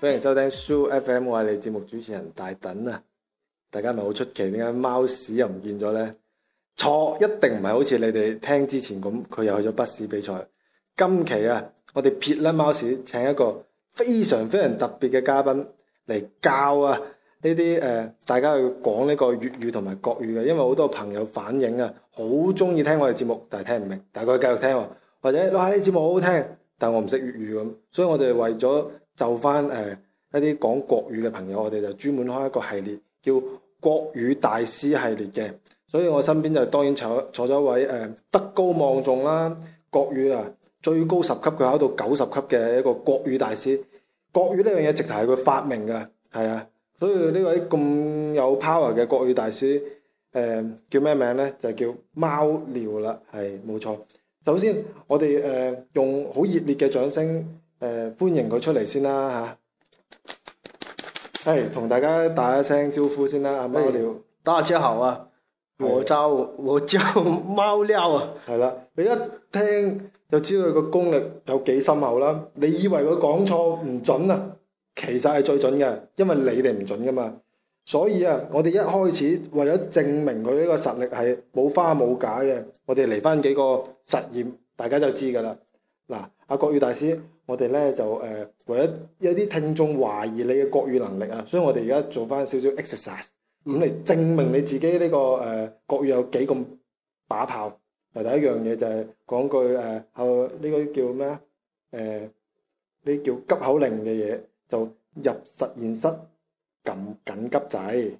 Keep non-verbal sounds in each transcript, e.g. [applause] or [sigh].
歡迎收聽 Soo FM 我係你節目主持人大等啊！大家咪好出奇，點解貓屎又唔見咗呢？錯，一定唔係好似你哋聽之前咁，佢又去咗筆試比賽。今期啊，我哋撇甩貓屎，請一個非常非常特別嘅嘉賓嚟教啊！呢啲誒，大家去講呢個粵語同埋國語嘅，因為好多朋友反映啊，好中意聽我哋節目，但係聽唔明，但係佢繼續聽喎，或者下呢、哦、節目好好聽，但我唔識粵語咁，所以我哋為咗就翻誒、呃、一啲講國語嘅朋友，我哋就專門開一個系列叫國語大師系列嘅。所以我身邊就當然坐坐咗一位誒、呃、德高望重啦，國語啊最高十級，佢考到九十級嘅一個國語大師。國語呢樣嘢直頭係佢發明嘅，係啊～所以呢位咁有 power 嘅國語大師，誒、呃、叫咩名咧？就叫貓尿啦，係冇錯。首先，我哋誒、呃、用好熱烈嘅掌聲誒、呃、歡迎佢出嚟先啦嚇。係、啊，同、哎、大家打一聲招呼先啦。阿、哎、貓尿，大家好啊！我叫我叫貓尿啊！係啦，你一聽就知道佢個功力有幾深厚啦。你以為佢講錯唔準啊？其實係最準嘅，因為你哋唔準㗎嘛。所以啊，我哋一開始為咗證明佢呢個實力係冇花冇假嘅，我哋嚟翻幾個實驗，大家就知㗎啦。嗱、啊，阿國語大師，我哋咧就誒、呃、為咗有啲聽眾懷疑你嘅國語能力啊，所以我哋而家做翻少少 exercise 咁、嗯、嚟證明你自己呢、這個誒、呃、國語有幾咁把炮。第一樣嘢就係講句誒，呢、呃這個叫咩啊？誒、呃、呢叫急口令嘅嘢。就入實驗室撳緊急掣，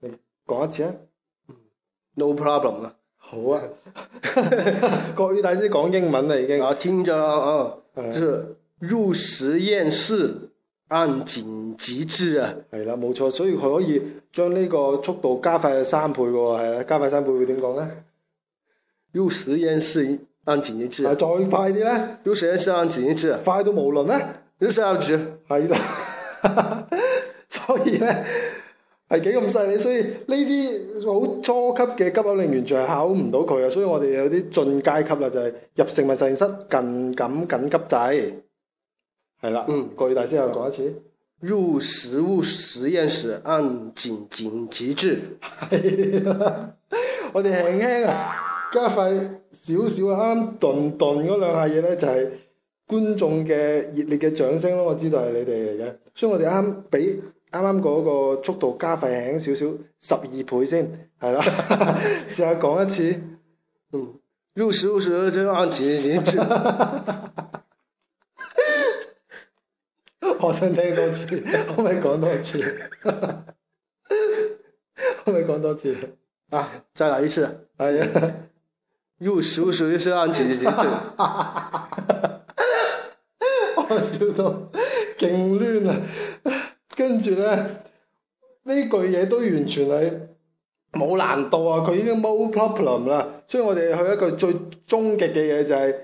你講一次啊。No problem 啊。好啊。 [laughs] 國語大師講英文啦已經。啊聽着啊，就、嗯、是入實驗室按緊急掣啊。係啦，冇錯。所以佢可以將呢個速度加快三倍喎，係啦，加快三倍會點講咧？入實驗室按緊急掣，啊。再快啲咧？入實驗室按緊急掣。啊、快到無論咧？入實驗室。按係啦， [laughs] 所以咧，係幾咁細，所以呢啲好初級嘅急口令員仲係考唔到佢啊！所以我哋有啲進階級啦，就係、是、入食物實驗室近感緊急制，係啦。嗯，國語大師又講、嗯、一次，入食物實驗室按緊急制。係 [laughs] 啊，我哋輕輕啊，加快少少啱燉燉嗰兩下嘢咧，就係、是。觀眾嘅熱烈嘅掌聲咯，我知道係你哋嚟嘅，所以我哋啱啱俾啱啱嗰個速度加快輕少少，十二倍先係啦，試下講 [laughs] 試試一次，嗯，入 [noise] [noise] 時入時即係按字字， [laughs] [laughs] 我想聽一次，我可以講多次， [laughs] 我咪講多次，我咪講多次，啊，再嚟一次，入 [laughs] 時入時即係按字 [laughs] 笑到勁攣啊！跟住咧，呢句嘢都完全係冇難度啊！佢已經冇 problem 啦，所以我哋去一句最終極嘅嘢就係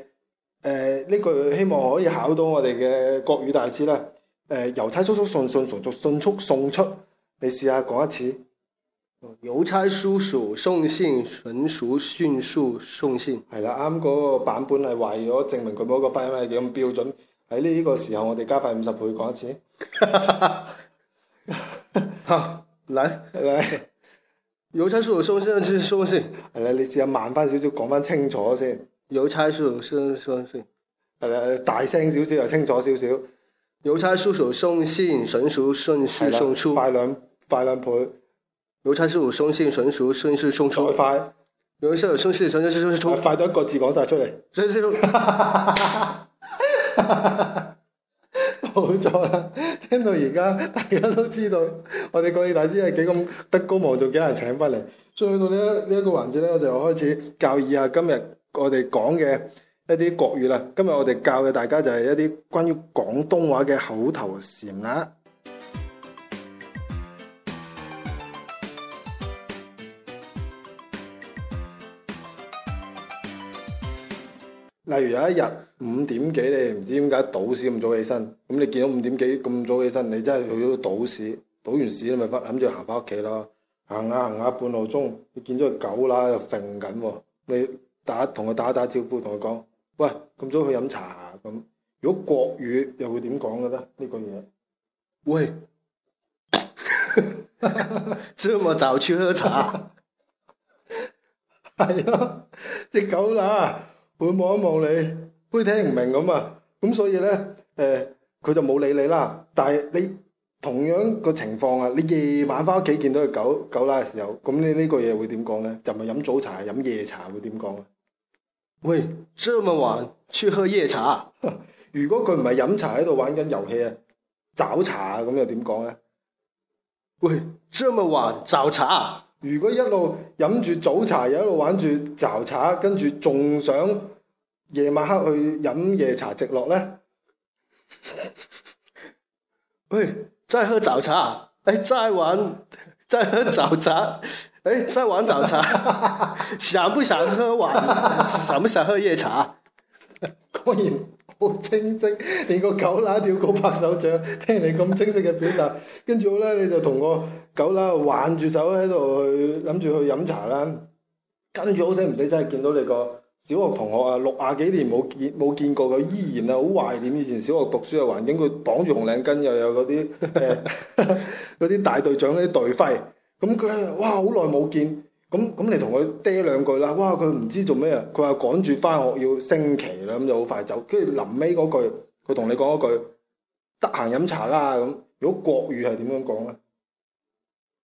誒呢句，希望可以考到我哋嘅國語大師啦！誒，郵差叔叔送信，迅,迅速迅速送出，你試下講一次。郵差叔叔送信，純速迅速送信。係啦，啱嗰個版本係為咗證明佢嗰個拼音係幾咁標準。喺呢個個時候我們，我哋加快五十倍講一次。好，嚟嚟，郵差叔叔先先送先。係啦，你試下慢翻少少講翻清楚先。郵差叔叔送先。係啦，大聲少少又清楚少少。郵差叔叔送先，順順順序送出。快兩快兩倍。郵差叔叔送先，順順順序送出。快快，郵差叔叔送先，順順順序快到一個字講晒出嚟。順順。冇 [laughs] 錯啦，聽到而家大家都知道，我哋國語大師係幾咁德高望重，幾難請翻嚟。所以去到呢一呢一個環節咧，我就開始教義下今日我哋講嘅一啲國語啦。今日我哋教嘅大家就係一啲關於廣東話嘅口頭禪啦。例如有一日五點幾，你唔知點解倒市咁早起身，咁你見到五點幾咁早起身，你真係去咗倒市，倒完市你咪諗住行翻屋企咯。行下行下半路中，你見咗隻狗啦，又瞓緊喎，你打同佢打打招呼，同佢講：喂，咁早去飲茶咁。如果國語又會點講嘅咧？呢句嘢，喂，這麼早去喝茶，係咯，隻、 [laughs] [laughs] [laughs] [laughs] [laughs] 哎那個、狗啦。會望一望你，會聽唔明咁啊，咁所以咧，誒、呃、佢就冇理你啦。但係你同樣個情況啊，你夜晚翻屋企見到隻狗狗乸嘅時候，咁你這個會怎呢個嘢會點講咧？就咪飲早茶飲夜茶會點講啊？喂，咁夜晚出去喝夜茶？如果佢唔係飲茶喺度玩緊遊戲啊，找茶啊，咁又點講咧？喂，咁夜晚找茶？如果一路飲住早茶又一路玩住找茶，跟住仲想～夜晚黑去飲夜茶直落咧，喂，齋喝早茶，哎，齋玩，齋喝早茶，哎，齋玩早茶， [laughs] 想不想喝晚？ [laughs] 想不想喝夜茶？果然好清晰，你個狗乸跳過拍手掌，聽你咁清晰嘅表達， [laughs] 跟住我咧你就同個狗乸挽住手喺度去諗住去飲茶啦，跟住好死唔死真係見到你個～小學同學啊，六廿幾年冇見冇見過佢，依然啊好懷念以前小學讀書嘅環境。佢綁住紅領巾，又有嗰啲嗰啲大隊長嗰啲隊徽。咁佢哇好耐冇見，咁咁你同佢嗲兩句啦。哇，佢唔知做咩啊？佢話趕住翻學要升旗啦，咁就好快走。跟住臨尾嗰句，佢同你講一句，得閒飲茶啦。咁如果國語係點樣講咧？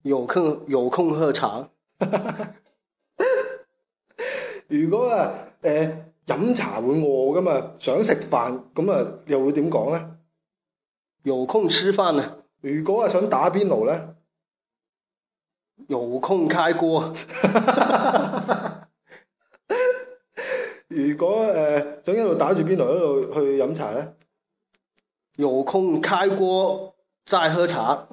有空有空喝茶。 [laughs] 如果啊，誒、呃、飲茶會餓噶嘛，想食飯咁啊，又會點講咧？有空吃飯啊！如果啊想打邊爐咧，有空開鍋。 [laughs] [laughs] 如果誒、呃、想一路打住邊爐一路去飲茶咧，有空開鍋齋喝茶。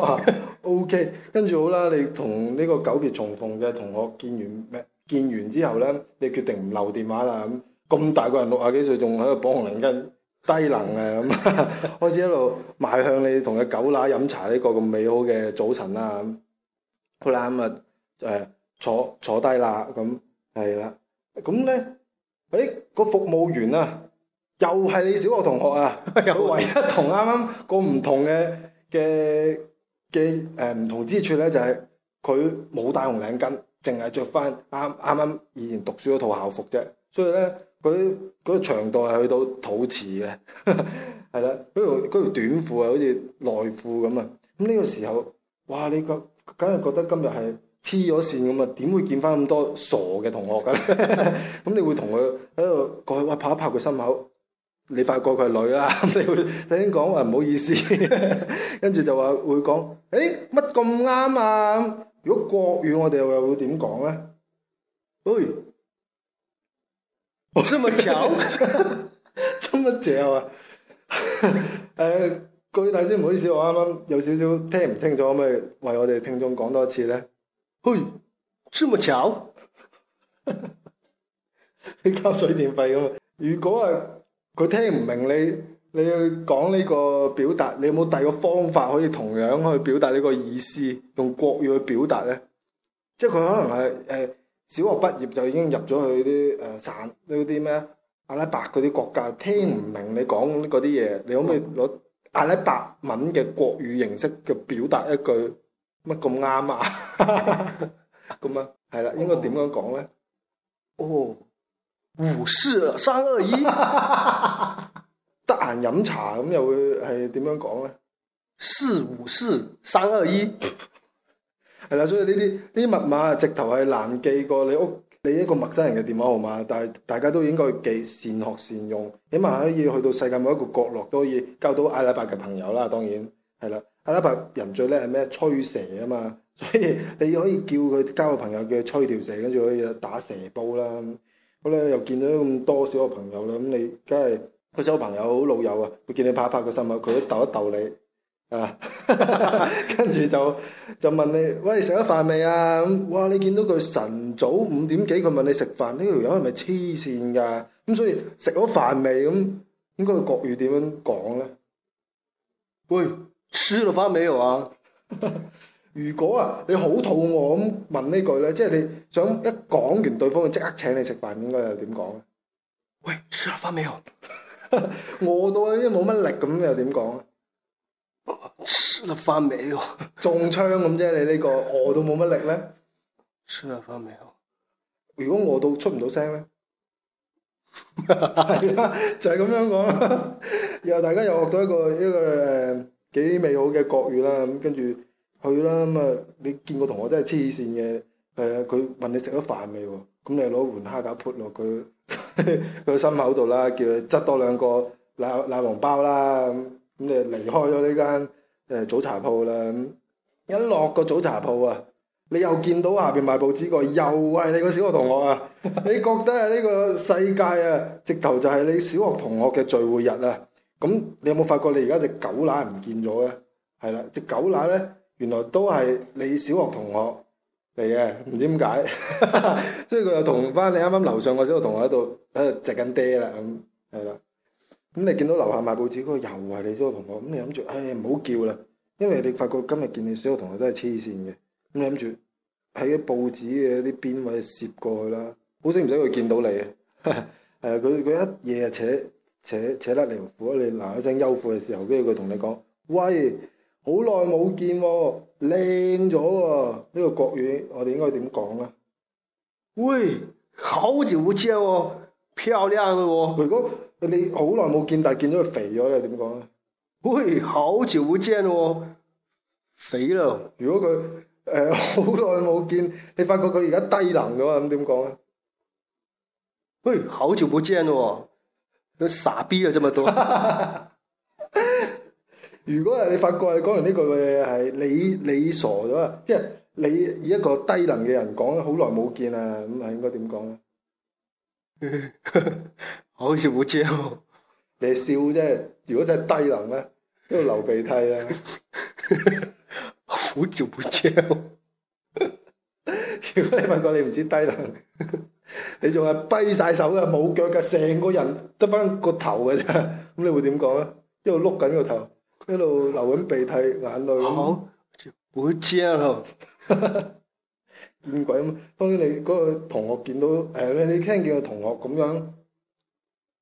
[laughs] OK，跟住好啦，你同呢個久別重逢嘅同學見完咩？見完之後咧，你決定唔留電話啦咁。咁大個人六十幾歲，仲喺度綁紅領巾， [laughs] 低能啊咁。開始一路邁向你同隻狗乸飲茶呢個咁美好嘅早晨啦咁。好啦咁啊，誒坐坐低啦咁，係啦。咁咧，誒個服務員啊，又係你小學同學啊。 [laughs] 佢唯一剛剛同啱啱個唔同嘅嘅嘅誒唔同之處咧，就係佢冇戴紅領巾。淨係着翻啱啱啱以前讀書嗰套校服啫，所以咧佢啲嗰個長度係去到肚臍嘅，係啦，嗰條嗰條短褲啊，好似內褲咁啊。咁呢個時候，哇！你個梗係覺得今日係黐咗線咁啊。點會見翻咁多傻嘅同學㗎？咁 [laughs] 你會同佢喺度過去，哇！拍一拍佢心口，你發覺佢係女啦。你會聽講話唔好意思，跟住就話會講，誒乜咁啱啊？如果國語我哋又又會點講咧？喂，我這麼巧，這麼巧啊！誒、 [laughs] 呃，各位大師唔好意思，我啱啱有少少聽唔清楚，可唔可以為我哋聽眾講多一次咧？哎，這麼巧，你 [laughs] 交水電費㗎嘛？如果係佢聽唔明你。你要講呢個表達，你有冇第二個方法可以同樣去表達呢個意思？用國語去表達呢？即係佢可能係誒、嗯、小學畢業就已經入咗去啲誒省嗰啲咩阿拉伯嗰啲國家，聽唔明你講嗰啲嘢，你可唔可以攞阿拉伯文嘅國語形式嘅表達一句乜咁啱啊？咁 [laughs] 啊、 [laughs] [laughs] [laughs] [laughs] 嗯，係啦，應該點樣講呢？哦，五四三二一。 [laughs] 飲茶咁又會係點樣講呢？四五四三二一，係 [laughs] 啦。所以呢啲呢啲密碼直頭係難記過你屋你一個陌生人嘅電話號碼。但係大家都應該記善學善用，起碼可以去到世界每一個角落都可以交到阿拉伯嘅朋友啦。當然係啦，阿拉伯人最叻係咩？吹蛇啊嘛。所以你可以叫佢交個朋友叫吹條蛇，跟住可以打蛇煲啦。好啦，又見到咁多小學朋友啦，咁你梗係～佢做朋友好老友啊！佢見你拍一拍個心口，佢都逗一逗你啊， [laughs] [laughs] 跟住就就問你：喂，食咗飯未啊？哇！你見到佢晨早五點幾，佢問你食飯，呢條友係咪黐線㗎？咁所以食咗飯未？咁應該個國語點樣講咧？喂，食咗飯未啊？ [laughs] 如果啊，你好肚餓咁問這句呢句咧，即係你想一講完對方就即刻請你食飯，應該又點講咧？喂，食咗飯未啊？餓到啊，因為冇乜力咁，又點講啊？出咗飯未喎？中槍咁啫，你呢、這個餓到冇乜力咧？出咗飯未喎？如果餓到出唔到聲咧？係 [laughs] 就係、是、咁樣講啦。然後大家又學到一個一個誒幾美好嘅國語啦。咁跟住去啦。咁啊，你見過同學真係黐線嘅。誒，佢問你食咗飯未喎？咁你攞一碗蝦餃潑落佢。佢 [laughs] 心口度啦，叫佢執多兩個奶，奶奶黃包啦，咁咁就離開咗呢間誒早茶鋪啦。咁一落個早茶鋪啊，你又見到下邊賣報紙個又係你個小學同學啊！ [laughs] 你覺得啊呢個世界啊，直頭就係你小學同學嘅聚會日啊！咁你有冇發覺你而家隻狗乸唔見咗啊？係啦，隻狗乸咧，原來都係你小學同學。嚟嘅，唔知點解， [laughs] 所以佢又同翻你啱啱樓上嗰小學同學喺度喺度直緊爹啦咁，係啦。咁你見到樓下賣報紙嗰、那個又係你小學同學，咁你諗住，唉唔好叫啦，因為你發覺今日見你小學同學都係黐線嘅。咁你諗住喺報紙嘅啲邊位攝過去啦，好使唔使佢見到你？係啊，佢佢一嘢啊扯扯扯甩你條褲，你嗱一聲休褲嘅時候，跟住佢同你講：喂，好耐冇見喎、啊。靚咗喎，呢個國語我哋應該點講啊？喂，好久不見喎，漂亮咯喎。如果你好耐冇見，但係見咗佢肥咗你點講啊？喂，好久不見咯，肥啦。如果佢誒好耐冇見，你發覺佢而家低能咗，咁點講啊？喂，好久不見咯，佢傻逼咗這麼多。 [laughs] 如果係你發覺你講完呢句嘢，係你你傻咗，即係你以一個低能嘅人講，好耐冇見啊，咁係應該點講咧？ [laughs] 我好似唔知哦，你笑啫。如果真係低能咧，一路流鼻涕啊！ [laughs] [laughs] 好似唔知哦。 [laughs] 如果你發覺你唔知低能，你仲係跛晒手嘅、冇腳嘅，成個人得翻個頭嘅啫。咁你會點講咧？一路碌緊個頭。一路流緊鼻涕、眼淚，好會知啊！喎， [laughs] 見鬼咁，當然你嗰個同學見到誒，你聽見個同學咁樣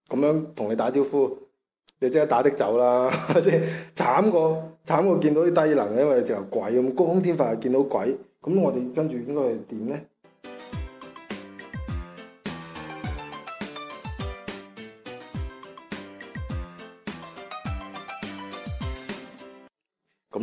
咁樣同你打招呼，你即刻打的走啦，即 [laughs] 係慘過慘過見到啲低能，因為就鬼咁高空天台見到鬼，咁我哋跟住應該係點咧？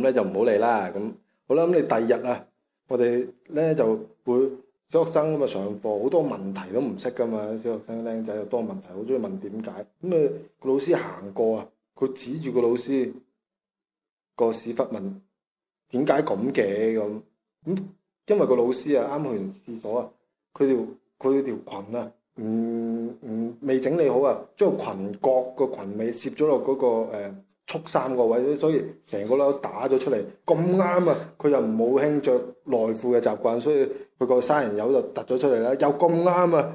咁咧就唔好嚟啦。咁好啦，咁你第二日啊，我哋咧就會小學生咁啊上課，好多問題都唔識噶嘛。小學生僆仔又多問題，好中意問點解。咁啊，個老師行過啊，佢指住個老師個屎忽問點解咁嘅咁。咁因為個老師啊啱去完廁所啊，佢條佢條裙啊，唔唔未整理好啊，將個裙角個裙尾攝咗落嗰個，呃出三個位，所以成個攞打咗出嚟，咁啱啊！佢又唔好興着內褲嘅習慣，所以佢個生人友就突咗出嚟啦，又咁啱啊！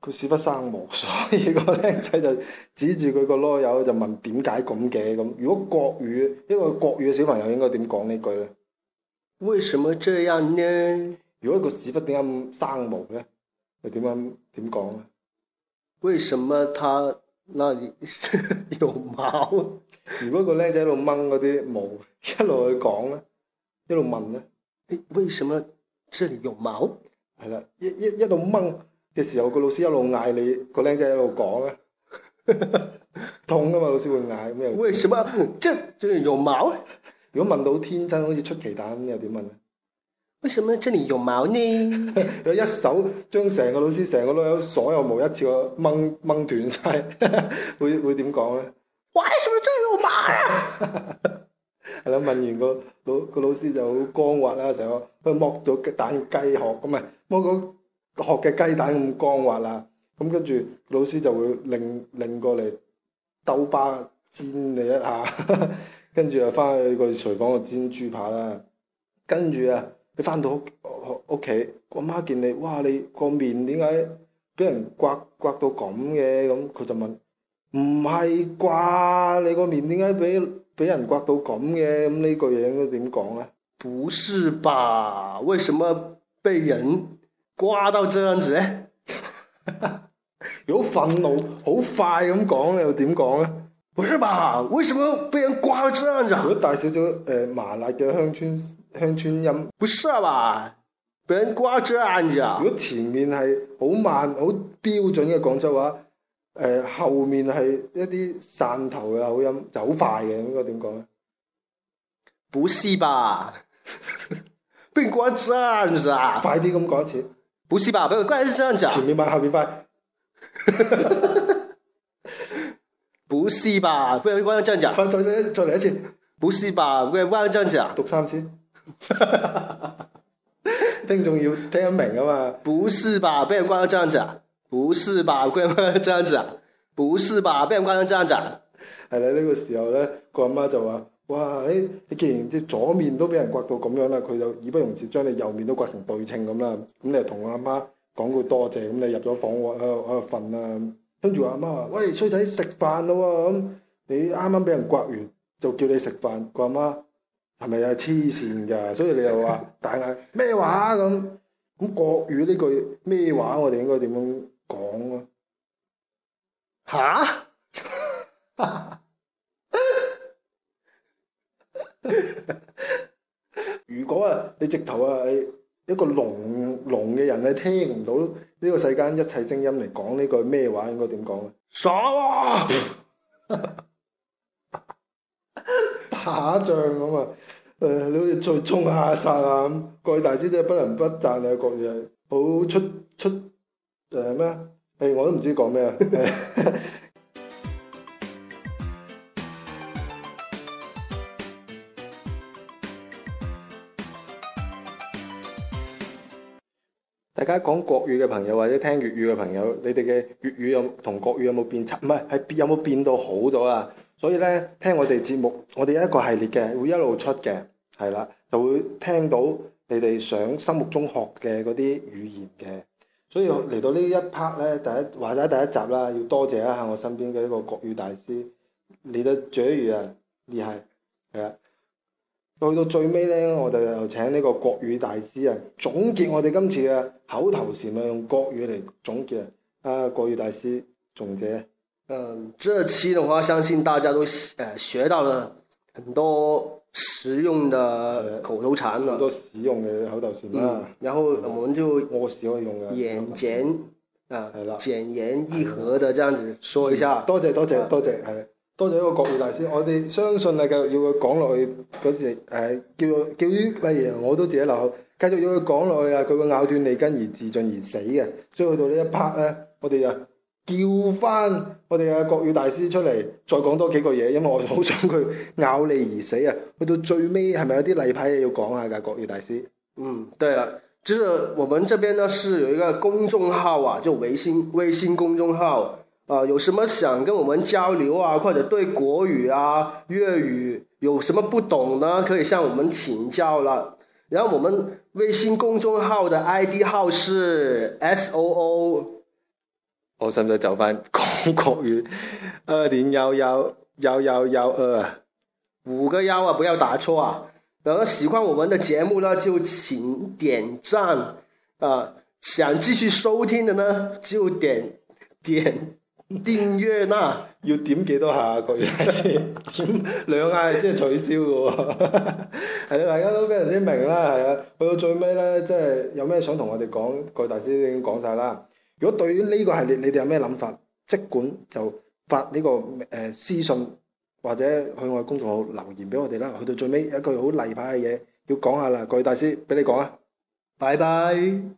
佢屎忽生毛，所以個僆仔就指住佢個籮柚就問點解咁嘅。咁如果國語，一個國語嘅小朋友應該點講呢句呢？「為什麼這樣呢？如果個屎忽點解咁生毛呢？又點樣點講呢？」「為什麼他那裡有毛？如果個僆仔喺度掹嗰啲毛，一路去講咧，一路問咧，為什麼這裏有毛？係啦，一一一路掹嘅時候，個老師一路嗌你，個僆仔一路講咧， [laughs] 痛啊嘛，老師會嗌咩？又，為什麼這這裏有毛？如果問到天真，好似出奇蛋又點問？為什麼這裏有毛呢？有 [laughs] 一手將成個老師、成個老師所有毛一次過掹掹斷晒，會會點講咧？喂，你係咪真係肉麻啊？係啦，問完個老個老師就好光滑啦，成個佢剝咗雞蛋雞殼咁啊，剝咗殼嘅雞蛋咁光滑啦，咁跟住老師就會擰擰過嚟兜巴煎你一下，跟住又翻去個廚房個煎豬扒啦，跟住啊，你翻到屋屋企，阿媽見你，哇，你個面點解俾人刮刮到咁嘅？咁佢就問。唔係啩？你個面點解俾俾人刮到咁嘅？咁呢句嘢應該點講咧？不是吧？為什麼被人刮到這樣子咧？如果憤怒好 [laughs] 快咁講你又點講咧？不是吧？為什麼被人刮到這樣子？如果帶少少誒麻辣嘅鄉村鄉村音？不是啊吧？被人刮到這樣子啊？如果前面係好慢好標準嘅廣州話？誒、呃，後面係一啲汕頭嘅口音，就好快嘅，應該點講咧？不是吧？不如關一張啊！快啲咁講一次。不是吧？不如關一張啊。前面慢，後面快。 [laughs] 不是吧？不如關一張啊。快，再嚟，再嚟一次。不是吧？不如關一張啊。讀三次。 [laughs] 聽重要，聽得明啊嘛。不是吧？不如關一張啊。不是吧，阿媽，這樣子啊？不是吧，被人刮咗這樣子啊？係啦，呢個時候咧，個阿媽就話：，哇，誒、哎，你既然即左面都俾人刮到咁樣啦，佢就義不容辭將你右面都刮成對稱咁啦。咁你同個阿媽講句多謝，咁你入咗房喎喎喎瞓啦。跟住話阿媽話：，喂，衰仔食飯咯，咁你啱啱俾人刮完，就叫你食飯。個阿媽係咪又黐線噶？所以你又話大嗌咩話咁？咁國語呢句咩話？我哋應該點樣？講啊！吓？ [laughs] 如果啊，你直頭啊，一個聾聾嘅人你聽唔到呢個世間一切聲音嚟，講呢句咩話，應該點講？傻啊！ [laughs] [laughs] 打仗咁啊，誒、哎，你好似最衝下殺啊咁、啊。各位大師真係不能不贊啊，國語，好出出。誒、就、咩、是？誒、哎，我都唔知講咩。 [laughs] 大家講國語嘅朋友或者聽粵語嘅朋友，你哋嘅粵語有同國語有冇變？唔係係有冇變到好咗啊？所以咧，聽我哋節目，我哋有一個系列嘅會一路出嘅，係啦，就會聽到你哋想心目中學嘅嗰啲語言嘅。所以嚟到呢一 part 咧，第一或者第一集啦，要多謝一下我身邊嘅一個國語大師，嚟都卓越啊，而係係啊，去到最尾咧，我哋又請呢個國語大師啊，總結我哋今次嘅口頭禪啊，用國語嚟總結啊，啊，國語大師總結。嗯，這期嘅話，相信大家都誒學到了。很多使用，用的口頭禪啦，多使用嘅口頭禪啦。然後我們就我使用嘅，簡簡啊係啦，簡言易和的，合的，的這樣子說一下。多謝多謝多謝係，多謝呢、啊、個國語大師。我哋相信啊，繼續要佢講落去嗰時誒，叫做叫於，例如我都自己留好。繼續要佢講落去啊，佢會咬斷脷根而自盡而死嘅。所以去到這一呢一 part 咧，我哋就。叫翻我哋嘅國語大師出嚟，再講多幾個嘢，因為我好想佢咬你而死啊！去到最尾，係咪有啲例牌嘢要講下噶？國語大師是是，嗯，對啊，就是我們這邊呢，是有一個公眾號啊，就微信微信公眾號，啊、呃，有什麼想跟我們交流啊，或者對國語啊、粵語有什麼不懂呢，可以向我們請教啦。然後我們微信公眾號的 I D 號是 S O O。我使唔使走翻講國語？二點幺幺幺幺幺二，五個幺啊！不要打錯啊！嗱，喜歡我們的節目呢，就請點讚啊、呃！想繼續收聽的呢，就點點訂閱啦！ [laughs] 要點幾多下、啊？巨大師點兩下即係取消嘅喎，係 [laughs] 啊！大家都非常之明啦，係啊！去到最尾呢，即係有咩想同我哋講，各大師已經講晒啦。如果對於呢個系列，你哋有咩諗法，即管就發呢、這個誒、呃、私信或者去我嘅公眾號留言俾我哋啦。去到最尾有一句好例牌嘅嘢要講下啦，各位大師俾你講啊，拜拜。